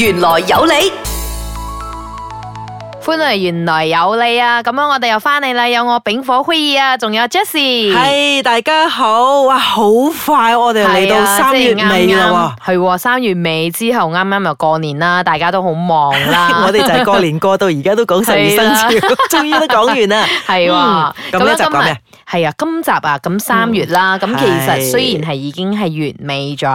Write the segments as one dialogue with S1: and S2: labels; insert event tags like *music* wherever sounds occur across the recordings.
S1: 原來有你，歡迎原來有你啊！咁樣我哋又翻嚟啦，有我丙火輝兒啊，仲有 Jesse，係大家好，哇，好快我哋嚟到三月尾啦，係三月尾之後，啱啱又過年啦，大家都好忙啦，我哋就係過年
S2: 過到而家都講十二生肖，終於都講完啦，係喎，咁呢集講咩？
S1: 係啊，今集啊，咁三月啦，咁、嗯、其實雖然係已經係月尾咗，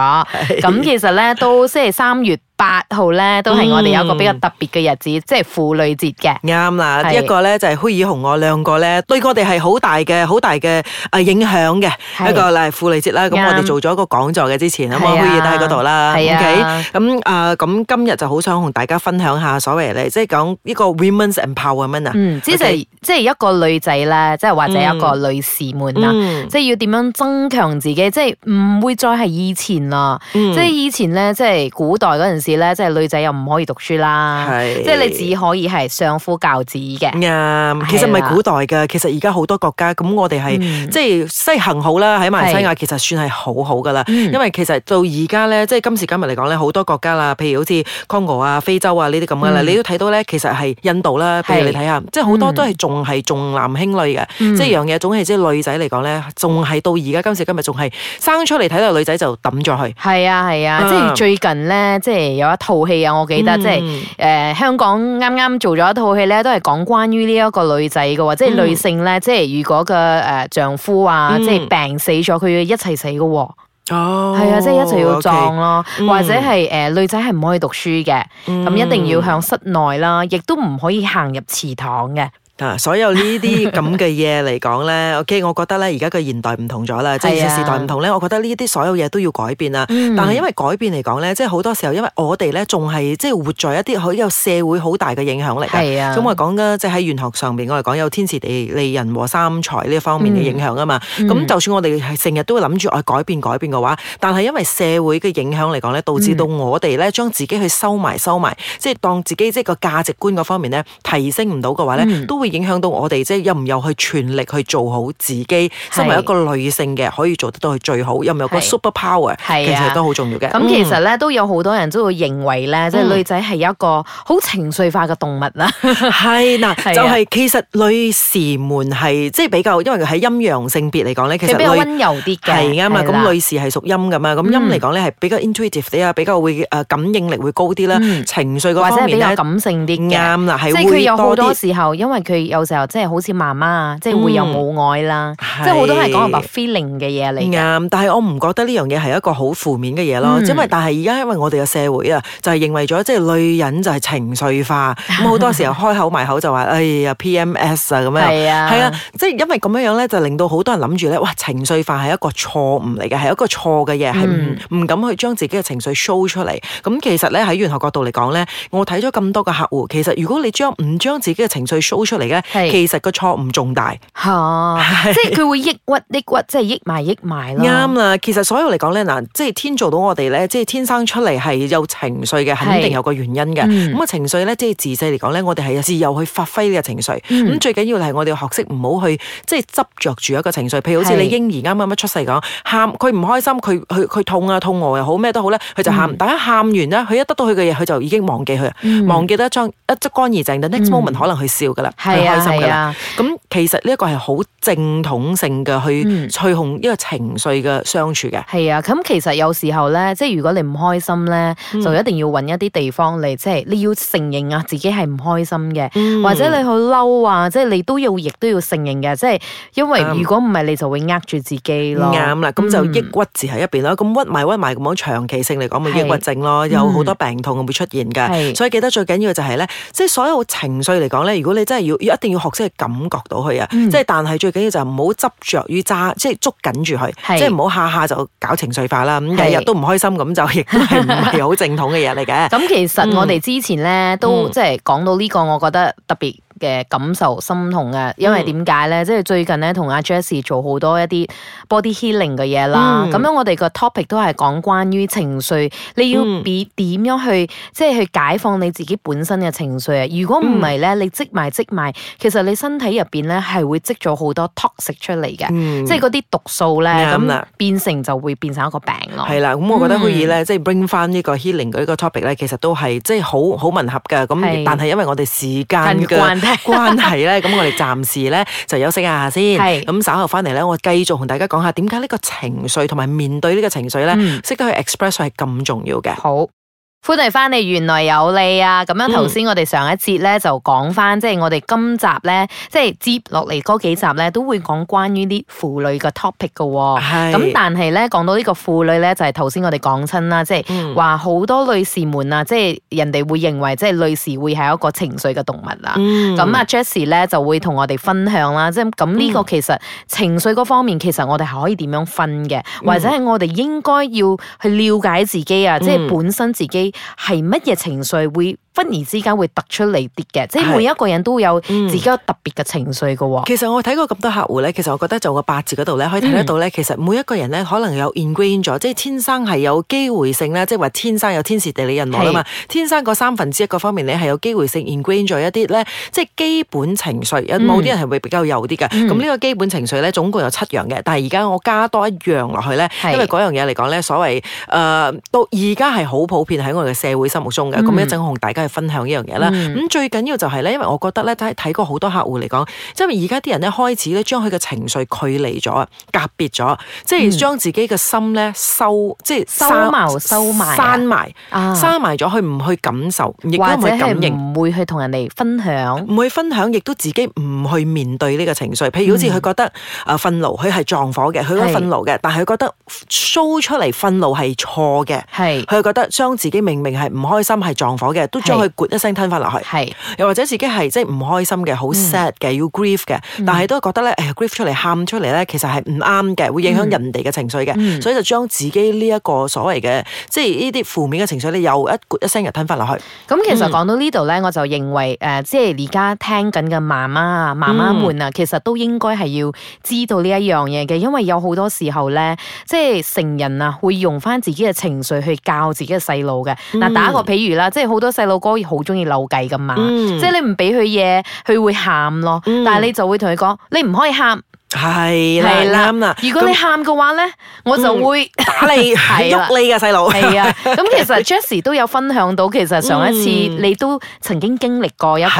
S1: 咁其實咧都即係三月八號咧，都係我哋有一個比較特別嘅日子，嗯、即係婦女節嘅。啱啦，
S2: 一、這個咧就係灰耳紅我兩個咧，對我哋係好大嘅好大嘅誒影響嘅一個係婦女節啦。咁我哋做咗一個講座嘅之前，咁灰耳都喺嗰度啦。OK，咁啊，咁、okay？啊呃、今日就好想同大家分享下所謂咧，即係講呢個 Women's Empowerment 啊。嗯，即係即
S1: 係一個女仔咧，即係或者一個女、嗯。女士門啦，即係要點樣增強自己，即係唔會再係以前啦、嗯。即係以前咧，即係古代嗰陣時咧，即係女仔又唔可以讀書啦，即係你只可以係相夫教子嘅。啊、
S2: 嗯，其實唔係古代噶，其實而家好多國家咁，那我哋係、嗯、即係西行好啦，喺馬來西亞其實算係好好噶啦。因為其實到而家咧，即係今時今日嚟講咧，好多國家啦，譬如好似剛果啊、非洲啊呢啲咁噶啦，你都睇到咧，其實係印度啦，譬如你睇下，即係好多都係仲係重男輕女嘅，即係樣嘢即係女仔嚟講咧，仲係到而家今時今日仲係生出嚟睇到女仔就抌咗佢。
S1: 係啊係啊，是啊嗯、即係最近咧，即係有一套戲啊，我記得、嗯、即係誒、呃、香港啱啱做咗一套戲咧，都係講關於呢一個女仔嘅話，即係女性咧、嗯，即係如果個誒、呃、丈夫啊，嗯、即係病死咗，佢要一齊死嘅。哦，係啊，即係一齊要葬咯、okay 嗯，或者係誒、呃、女仔係唔可以讀書嘅，咁、嗯嗯、一定要向室內啦，亦都唔可以行入祠堂嘅。
S2: 啊、所有呢啲咁嘅嘢嚟講咧 *laughs* ，OK，我覺得咧而家個現代唔同咗啦、啊，即係時代唔同咧。我覺得呢啲所有嘢都要改變啦、嗯。但係因為改變嚟講咧，即係好多時候因為我哋咧仲係即係活在一啲好有社會好大嘅影響嚟、係、咁我講嘅係喺玄學上面，我哋講有天時地利人和三才呢方面嘅影響啊嘛。咁、嗯、就算我哋成日都會諗住我改變改變嘅話，但係因為社會嘅影響嚟講咧，導致到我哋咧將自己去收埋收埋，即、嗯、係當自己即係個價值觀嗰方面咧提升唔到嘅話咧、嗯，都。會影響到我哋，即係又唔有去全力去做好自己。身為一個女性嘅，可以做得到去最好，又唔有，有個 super power，啊其，實嗯、其實都好重要嘅。咁其實咧
S1: 都有好多人都會認為咧、嗯，即係女仔係一個好情緒化嘅動物啦。係嗱，就係、
S2: 是、其實女士們係即係比較，因為喺陰陽性別嚟講咧，其實比較溫
S1: 柔啲嘅。啱啊！咁女士
S2: 係屬陰噶嘛，咁陰嚟講咧係比較 intuitive 啲啊，比較會誒感應力會高啲啦、嗯，情緒嗰方面咧，或者比較感性啲。啱啦，係會多啲。佢有好多時
S1: 候，因為佢。有時候即係好似媽媽啊，即係會有母愛啦、嗯，即係好多係講個 feeling 嘅嘢嚟。啱，
S2: 但係我唔覺得呢樣嘢係一個好負面嘅嘢咯，因、嗯、為但係而家因為我哋嘅社會啊，就係、是、認為咗即係女人就係情緒化，咁好多時候開口埋口就話 *laughs* 哎呀 PMS 啊咁樣，係啊，係啊，即係因為咁樣樣咧，就令到好多人諗住咧，哇情緒化係一個錯誤嚟嘅，係一個錯嘅嘢，係唔唔敢去將自己嘅情緒 show 出嚟。咁其實咧喺玄學角度嚟講咧，我睇咗咁多嘅客戶，其實如果你將唔將自己嘅情緒 show 出嚟，係，其實個錯誤仲大，吓，
S1: 即係佢會抑鬱，抑鬱，即係抑鬱，抑鬱咯。啱
S2: 啦，其實所有嚟講咧，嗱，即係天做到我哋咧，即係天生出嚟係有情緒嘅，肯定有個原因嘅。咁啊，情緒咧，即係自細嚟講咧，我哋係有自由去發揮呢個情緒。咁最緊要係我哋學識唔好去，即係執着住一個情緒。譬如好似你嬰兒啱啱出世咁，喊，佢唔開心，佢佢佢痛啊，痛餓又好，咩都好咧，佢就喊。大家喊完咧，佢一得到佢嘅嘢，佢就已經忘記佢，忘記得一樁一即乾而淨。到 next moment 可能佢笑噶啦。係係啊，咁、啊、其實呢一個係好正統性嘅去吹同、嗯、一個情緒嘅相處嘅。
S1: 係啊，咁其實有時候咧，即係如果你唔開心咧、嗯，就一定要揾一啲地方嚟，即係你要承認啊自己係唔開心嘅、嗯，或者你好嬲啊，即係你都要亦都要承認嘅，即係因為如果唔係，嗯、不你就會呃住自己咯。啱
S2: 啦，咁、嗯、就抑鬱住喺一邊啦。咁屈埋屈埋咁樣，長期性嚟講咪抑鬱症咯，有好多病痛會，會出現㗎。所以記得最緊要就係咧，即係所有情緒嚟講咧，如果你真係要。一定要學識去感覺到佢啊、嗯、就是，即係但係最緊要就係唔好執着於揸，即係捉緊住佢，即係唔好下下就搞情緒化啦。咁日日都唔開心咁就亦都係唔係好正統嘅嘢嚟嘅。咁、嗯、其實我哋
S1: 之前咧、嗯、都即係講到呢個，我覺得特別嘅感受心痛嘅，因為點解咧？即、嗯、係最近咧，同阿 Jess 做好多一啲 body healing 嘅嘢啦。咁、嗯、樣我哋個 topic 都係講關於情緒，你要比點、嗯、樣去即係去解放你自己本身嘅情緒啊？如果唔係咧，你積埋積埋，其實你身體入邊咧係會積咗好多 toxic 出嚟嘅，嗯，即係嗰啲毒素咧，變成就會變成一個病咯。係啦，咁我覺得可以咧，即、嗯、係、就
S2: 是、bring 翻呢個 healing 嘅呢個 topic 咧，其實都係即係好好吻合嘅，咁但係因為我哋時間嘅。 *laughs* 關係咧，咁我哋暫時咧就休息一下一下先。係咁稍後翻嚟咧，我繼續同大家講下點解呢個情緒同埋面對呢個情緒咧，識、嗯、得去 express 係咁重要嘅。好。
S1: 歡迎翻嚟，玄來有理啊！咁樣頭先我哋上一節咧、嗯、就講翻，即、就、係、是、我哋今集咧，即、就、係、是、接落嚟嗰幾集咧都會講關於啲婦女嘅 topic 㗎喎。咁，但係咧講到呢個婦女咧，就係頭先我哋講親啦，即係話好多女士們啊，即、嗯、係、就是、人哋會認為即係、就是、女士會係一個情緒嘅動物啊。咁、嗯、啊、嗯、Jessie 咧就會同我哋分享啦。即係咁呢個其實、嗯、情緒嗰方面，其實我哋可以點樣分嘅、嗯，或者係我哋應該要去了解自己啊，即、就、係、是、本身自己。係乜嘢情緒會忽然之間會突出嚟啲嘅？即係每一個人都有自己有特別嘅情緒㗎、嗯。其
S2: 實我睇過咁多客戶咧，其實我覺得就個八字嗰度咧，可以睇得到咧、嗯。其實每一個人咧，可能有 ingrained 咗，即係天生係有機會性咧，即係話天生有天時地利人和啊嘛。天生嗰三分之一個方面咧，係有機會性 ingrain 咗一啲咧，即係基本情緒、嗯、有。某啲人係會比較幼啲嘅。咁、嗯、呢個基本情緒咧，總共有七樣嘅。但係而家我加多一樣落去咧，因為嗰樣嘢嚟講咧，所謂誒、呃，到而家係好普遍喺我嘅社會心目中嘅，咁一陣同大家去分享呢樣嘢啦。咁、嗯、最緊要就係咧，因為我覺得咧，睇睇過好多客戶嚟講，即係而家啲人咧，開始咧，將佢嘅情緒距離咗、隔別咗，即係將自己嘅心咧收，即係收埋、收埋、閂埋，閂埋咗，佢唔、啊、去感受，亦都唔去感應，唔會去同人哋分享，唔會分享，亦都自己唔去面對呢個情緒。譬如好似佢覺得啊憤怒，佢係撞火嘅，佢覺得憤怒嘅，但係佢覺得 show 出嚟憤怒係錯嘅，係佢覺得將自己明明係唔開心，係撞火嘅，都將佢咕一聲吞翻落去。係又或者自己係即係唔開心嘅，好 sad 嘅，嗯，要 grief 嘅，但係都覺得咧，誒 grief 出嚟，喊出嚟咧，其實係唔啱嘅，會影響人哋嘅情緒嘅，嗯，所以就將自己呢一個所謂嘅，即係呢啲負面嘅情緒咧，又一
S1: 咕一聲又吞翻落去。咁、嗯、其實講到呢度咧，我就認為誒、呃，即係而家聽緊嘅媽媽啊，媽媽們啊，嗯，其實都應該係要知道呢一樣嘢嘅，因為有好多時候咧，即係成人啊，會用翻自己嘅情緒去教自己嘅細路嘅。嗱、嗯，打個譬如啦、嗯，即係好多細路哥好中意扭計噶嘛，即係你唔俾佢嘢，佢會喊咯。嗯、但係你就會同佢講，你唔可以喊。係啦，啱啦。如果你喊嘅話咧，我就會打你、喐 *laughs* 你嘅細路。係啊，咁 *laughs* 其實 Jessie 都有分享到，其實上一次、嗯、你都曾經經歷過一個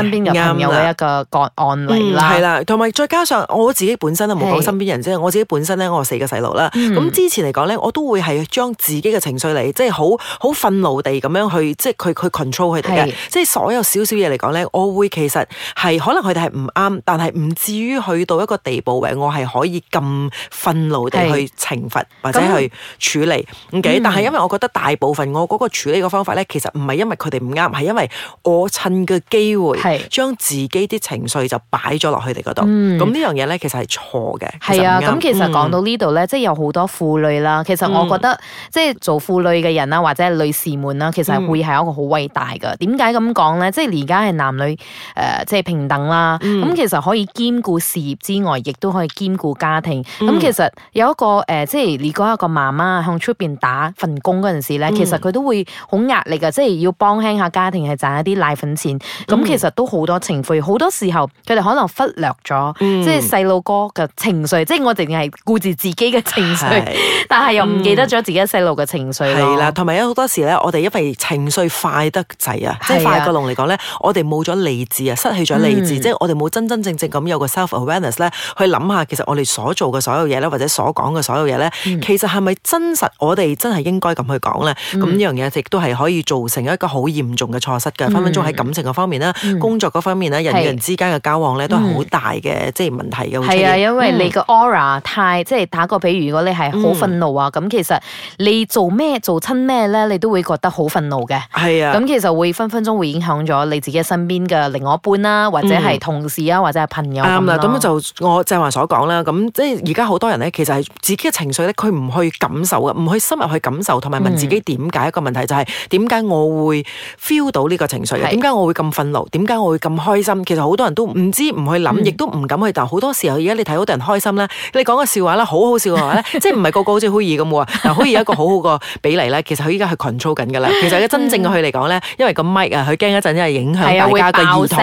S1: 身邊嘅朋友嘅一個
S2: 個案例啦。係啦，同、嗯、埋再加上我自己本身都唔好講身邊人，即係我自己本身咧，我，我四個細路啦。咁、嗯、之前嚟講咧，我都會係將自己嘅情緒嚟，即係好好憤怒地咁樣去，即係佢佢 control 佢哋嘅，即係、就是、所有少少嘢嚟講咧，我會其實係可能佢哋係唔啱，但係唔至於去到一個地部位我係可以咁憤怒地去懲罰或者去處理咁、嗯、但係因為我覺得大部分我嗰個處理嘅方法咧、嗯，其實唔係因為佢哋唔啱，係因為我趁嘅機會將自己啲情緒就擺咗落佢哋嗰度。咁、嗯、呢樣嘢咧，啊，其實係錯嘅。係、嗯、啊，咁其實講到
S1: 呢度咧，即係有好多婦女啦。其實我覺得、嗯、即係做婦女嘅人啦，或者女士們啦，其實會係一個好偉大嘅。點解咁講咧？即係而家係男女誒、即、呃、係、就是、平等啦。咁、嗯、其實可以兼顧事業之外。亦都可以兼顧家庭。咁、嗯、其實有一個誒、呃，即係你講一個媽媽向出邊打份工嗰陣時咧、嗯，其實佢都會好壓力㗎，即係要幫輕下家庭係賺一啲奶粉錢。咁、嗯、其實都好多情緒，好多時候佢哋可能忽略咗、嗯，即係細路哥嘅情緒，嗯、即係我哋淨係顧住自己嘅情緒，是但係又唔記得咗自己細路嘅情緒。係
S2: 啦，同埋有好多時咧，我哋因為情緒快得滯啊，即係快過龍嚟講咧，我哋冇咗理智啊、嗯，失去咗理智，嗯、即係我哋冇真真正正咁有個 self-awareness 咧。去諗下，其實我哋所做嘅所有嘢咧，或者所講嘅所有嘢咧、嗯，其實係咪真實？我哋真係應該咁去講咧？咁、嗯、呢樣嘢亦都係可以造成一個好嚴重嘅錯失嘅，分分鐘喺感情嗰方面啦、嗯，工作嗰方面咧、嗯、人與人之間嘅交往咧，都係好大嘅即係問題嘅。係啊、嗯，因為你個
S1: aura 太即係打個比喻，如果你係好憤怒啊，咁、嗯、其實你做咩做親咩咧，你都會覺得好憤怒嘅。係啊，咁其實會分分鐘會影響咗你自己身邊嘅另外一半啦，或者係同事啊、嗯，或者係朋友。啱啦、啊，咁樣就
S2: 我。正話所講啦，咁即係而家好多人咧，其實係自己嘅情緒咧，佢唔去感受嘅，唔去深入去感受，同埋問自己點解一個問題，就係點解我會 feel 到呢個情緒嘅？點解我會咁憤怒？點解我會咁開心？其實好多人都唔知唔去諗，亦都唔敢去。但好多時候，而家你睇好多人開心啦，你講個笑話啦，好好笑嘅話咧， *laughs* 即係唔係個個好似虛兒咁啊？嗱，虛兒一個好好個比例咧，其實佢依家係群操緊㗎啦。其實嘅真正嘅佢嚟講咧，因為個麥啊，佢驚一陣，因為影響大家嘅耳筒。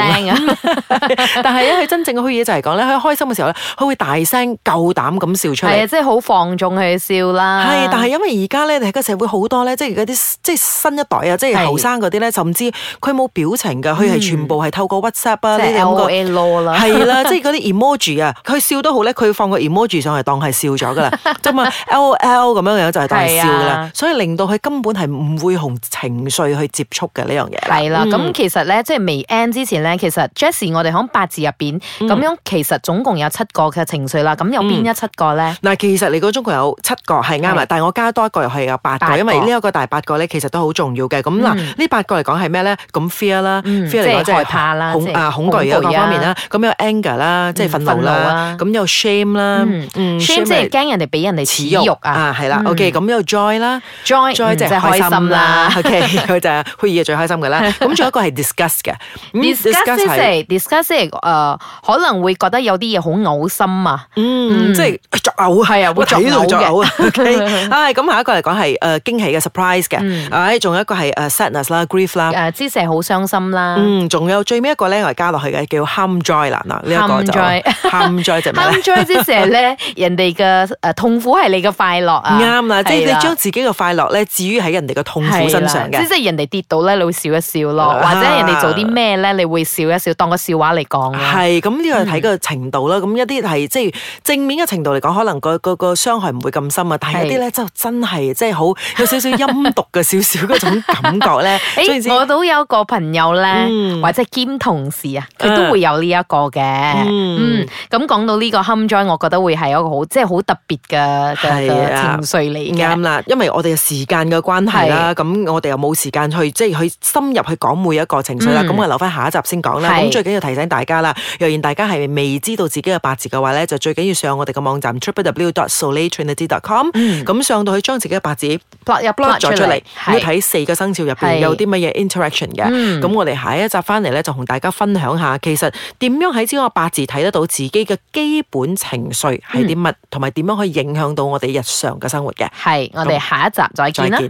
S2: 但係佢真正嘅虛兒就係講佢開心嘅時候。佢會大聲夠膽咁笑出嚟，係啊，即係好放縱去笑啦。係，但係因為而家咧，你喺個社會好多咧，即係嗰啲即係新一代啊，即係後生嗰啲咧，甚至佢冇表情嘅，佢係全部係透過 WhatsApp 啊，即係
S1: L O L 啦，係啦，即係嗰
S2: 啲 emoji 啊，佢笑得好咧，佢放個 emoji 上嚟當係笑咗噶啦，就咪 L O L 咁樣樣就係當係笑啦，所以令到佢根本係唔會同情緒去接觸嘅呢樣嘢。係啦，咁其
S1: 實咧，即係未 end 之前咧，其實 Jessie，我哋響八字入邊咁樣，其實總共有。七個嘅情緒啦，咁有邊一七個咧？嗱，其實你
S2: 講總共有七個係啱啊，但係我加多一個又係有八個，因為呢一個大八個咧，其實都好重要嘅。咁嗱，呢八個嚟講係咩咧？咁 fear 啦，fear 嚟講即係怕啦，恐啊恐懼而有一個方面啦。咁有 anger 啦，即係憤怒啦。咁有 shame 啦，shame 即係驚人哋俾人哋恥辱啊。啊，係啦，OK。咁有 joy 啦，joy joy 即係開心啦。OK，佢就係佢而家最開心嘅啦。咁仲有一個係 disgust 嘅，disgust 係
S1: disgust 係誒可能會覺得有啲嘢好。嘔心啊嗯即，嗯、啊，即係作嘔，係啊，會
S2: 作嘔啊。咁、okay? 啊、下一個嚟講係誒驚喜嘅 surprise 嘅，哎，仲、嗯、有一個係誒 sadness 啦，grief 啦，誒、呃，隻蛇好傷心啦、嗯。仲有最尾一個咧，我哋加落去嘅叫 hum joy 啦，嗱呢一個就 hum joy，hum joy 隻咩 hum joy 隻蛇咧，
S1: *laughs* 人哋嘅誒痛苦係你嘅快樂啊。啱啦，即係你將
S2: 自己嘅快樂咧，置於喺人哋嘅痛苦身上嘅，即係
S1: 人哋跌倒咧，你會笑一笑咯，或者人哋做啲咩咧，你會笑一笑，當個笑話嚟講。
S2: 係、啊，咁呢個睇個程度啦，咁。一啲係即係正面嘅程度嚟講，可能個個個傷害唔會咁深啊。但係有啲咧就真係即係好有少少陰毒嘅少少嗰種感覺
S1: 咧。 *laughs* 我都有個朋友咧、嗯，或者兼同事啊，佢都會有呢一個嘅。咁、嗯、講、嗯嗯、到呢個我覺得會係一個好即係好特別嘅、啊、情緒嚟。啱啦、啊，因為我哋時間嘅關係啦，咁我哋又冇時間
S2: 去即係去深入去講每一個情緒啦。咁、嗯、我留翻下一集先講啦。咁最緊要提醒大家啦，若然大家係未知道自己嘅。八字嘅話咧，就最緊要上我哋嘅網站 www.solitrinity.com，咁、嗯、上到去將自己嘅八字
S1: plot 咗出嚟，要睇
S2: 四個生肖入邊有啲乜嘢 interaction 嘅。咁、嗯、我哋下一集翻嚟咧，就同大家分享下，其實點樣喺呢個八字睇得到自己嘅基本情緒係啲乜，同埋點樣可以影響到我哋日常嘅生活嘅。係，我哋下一集再見啦。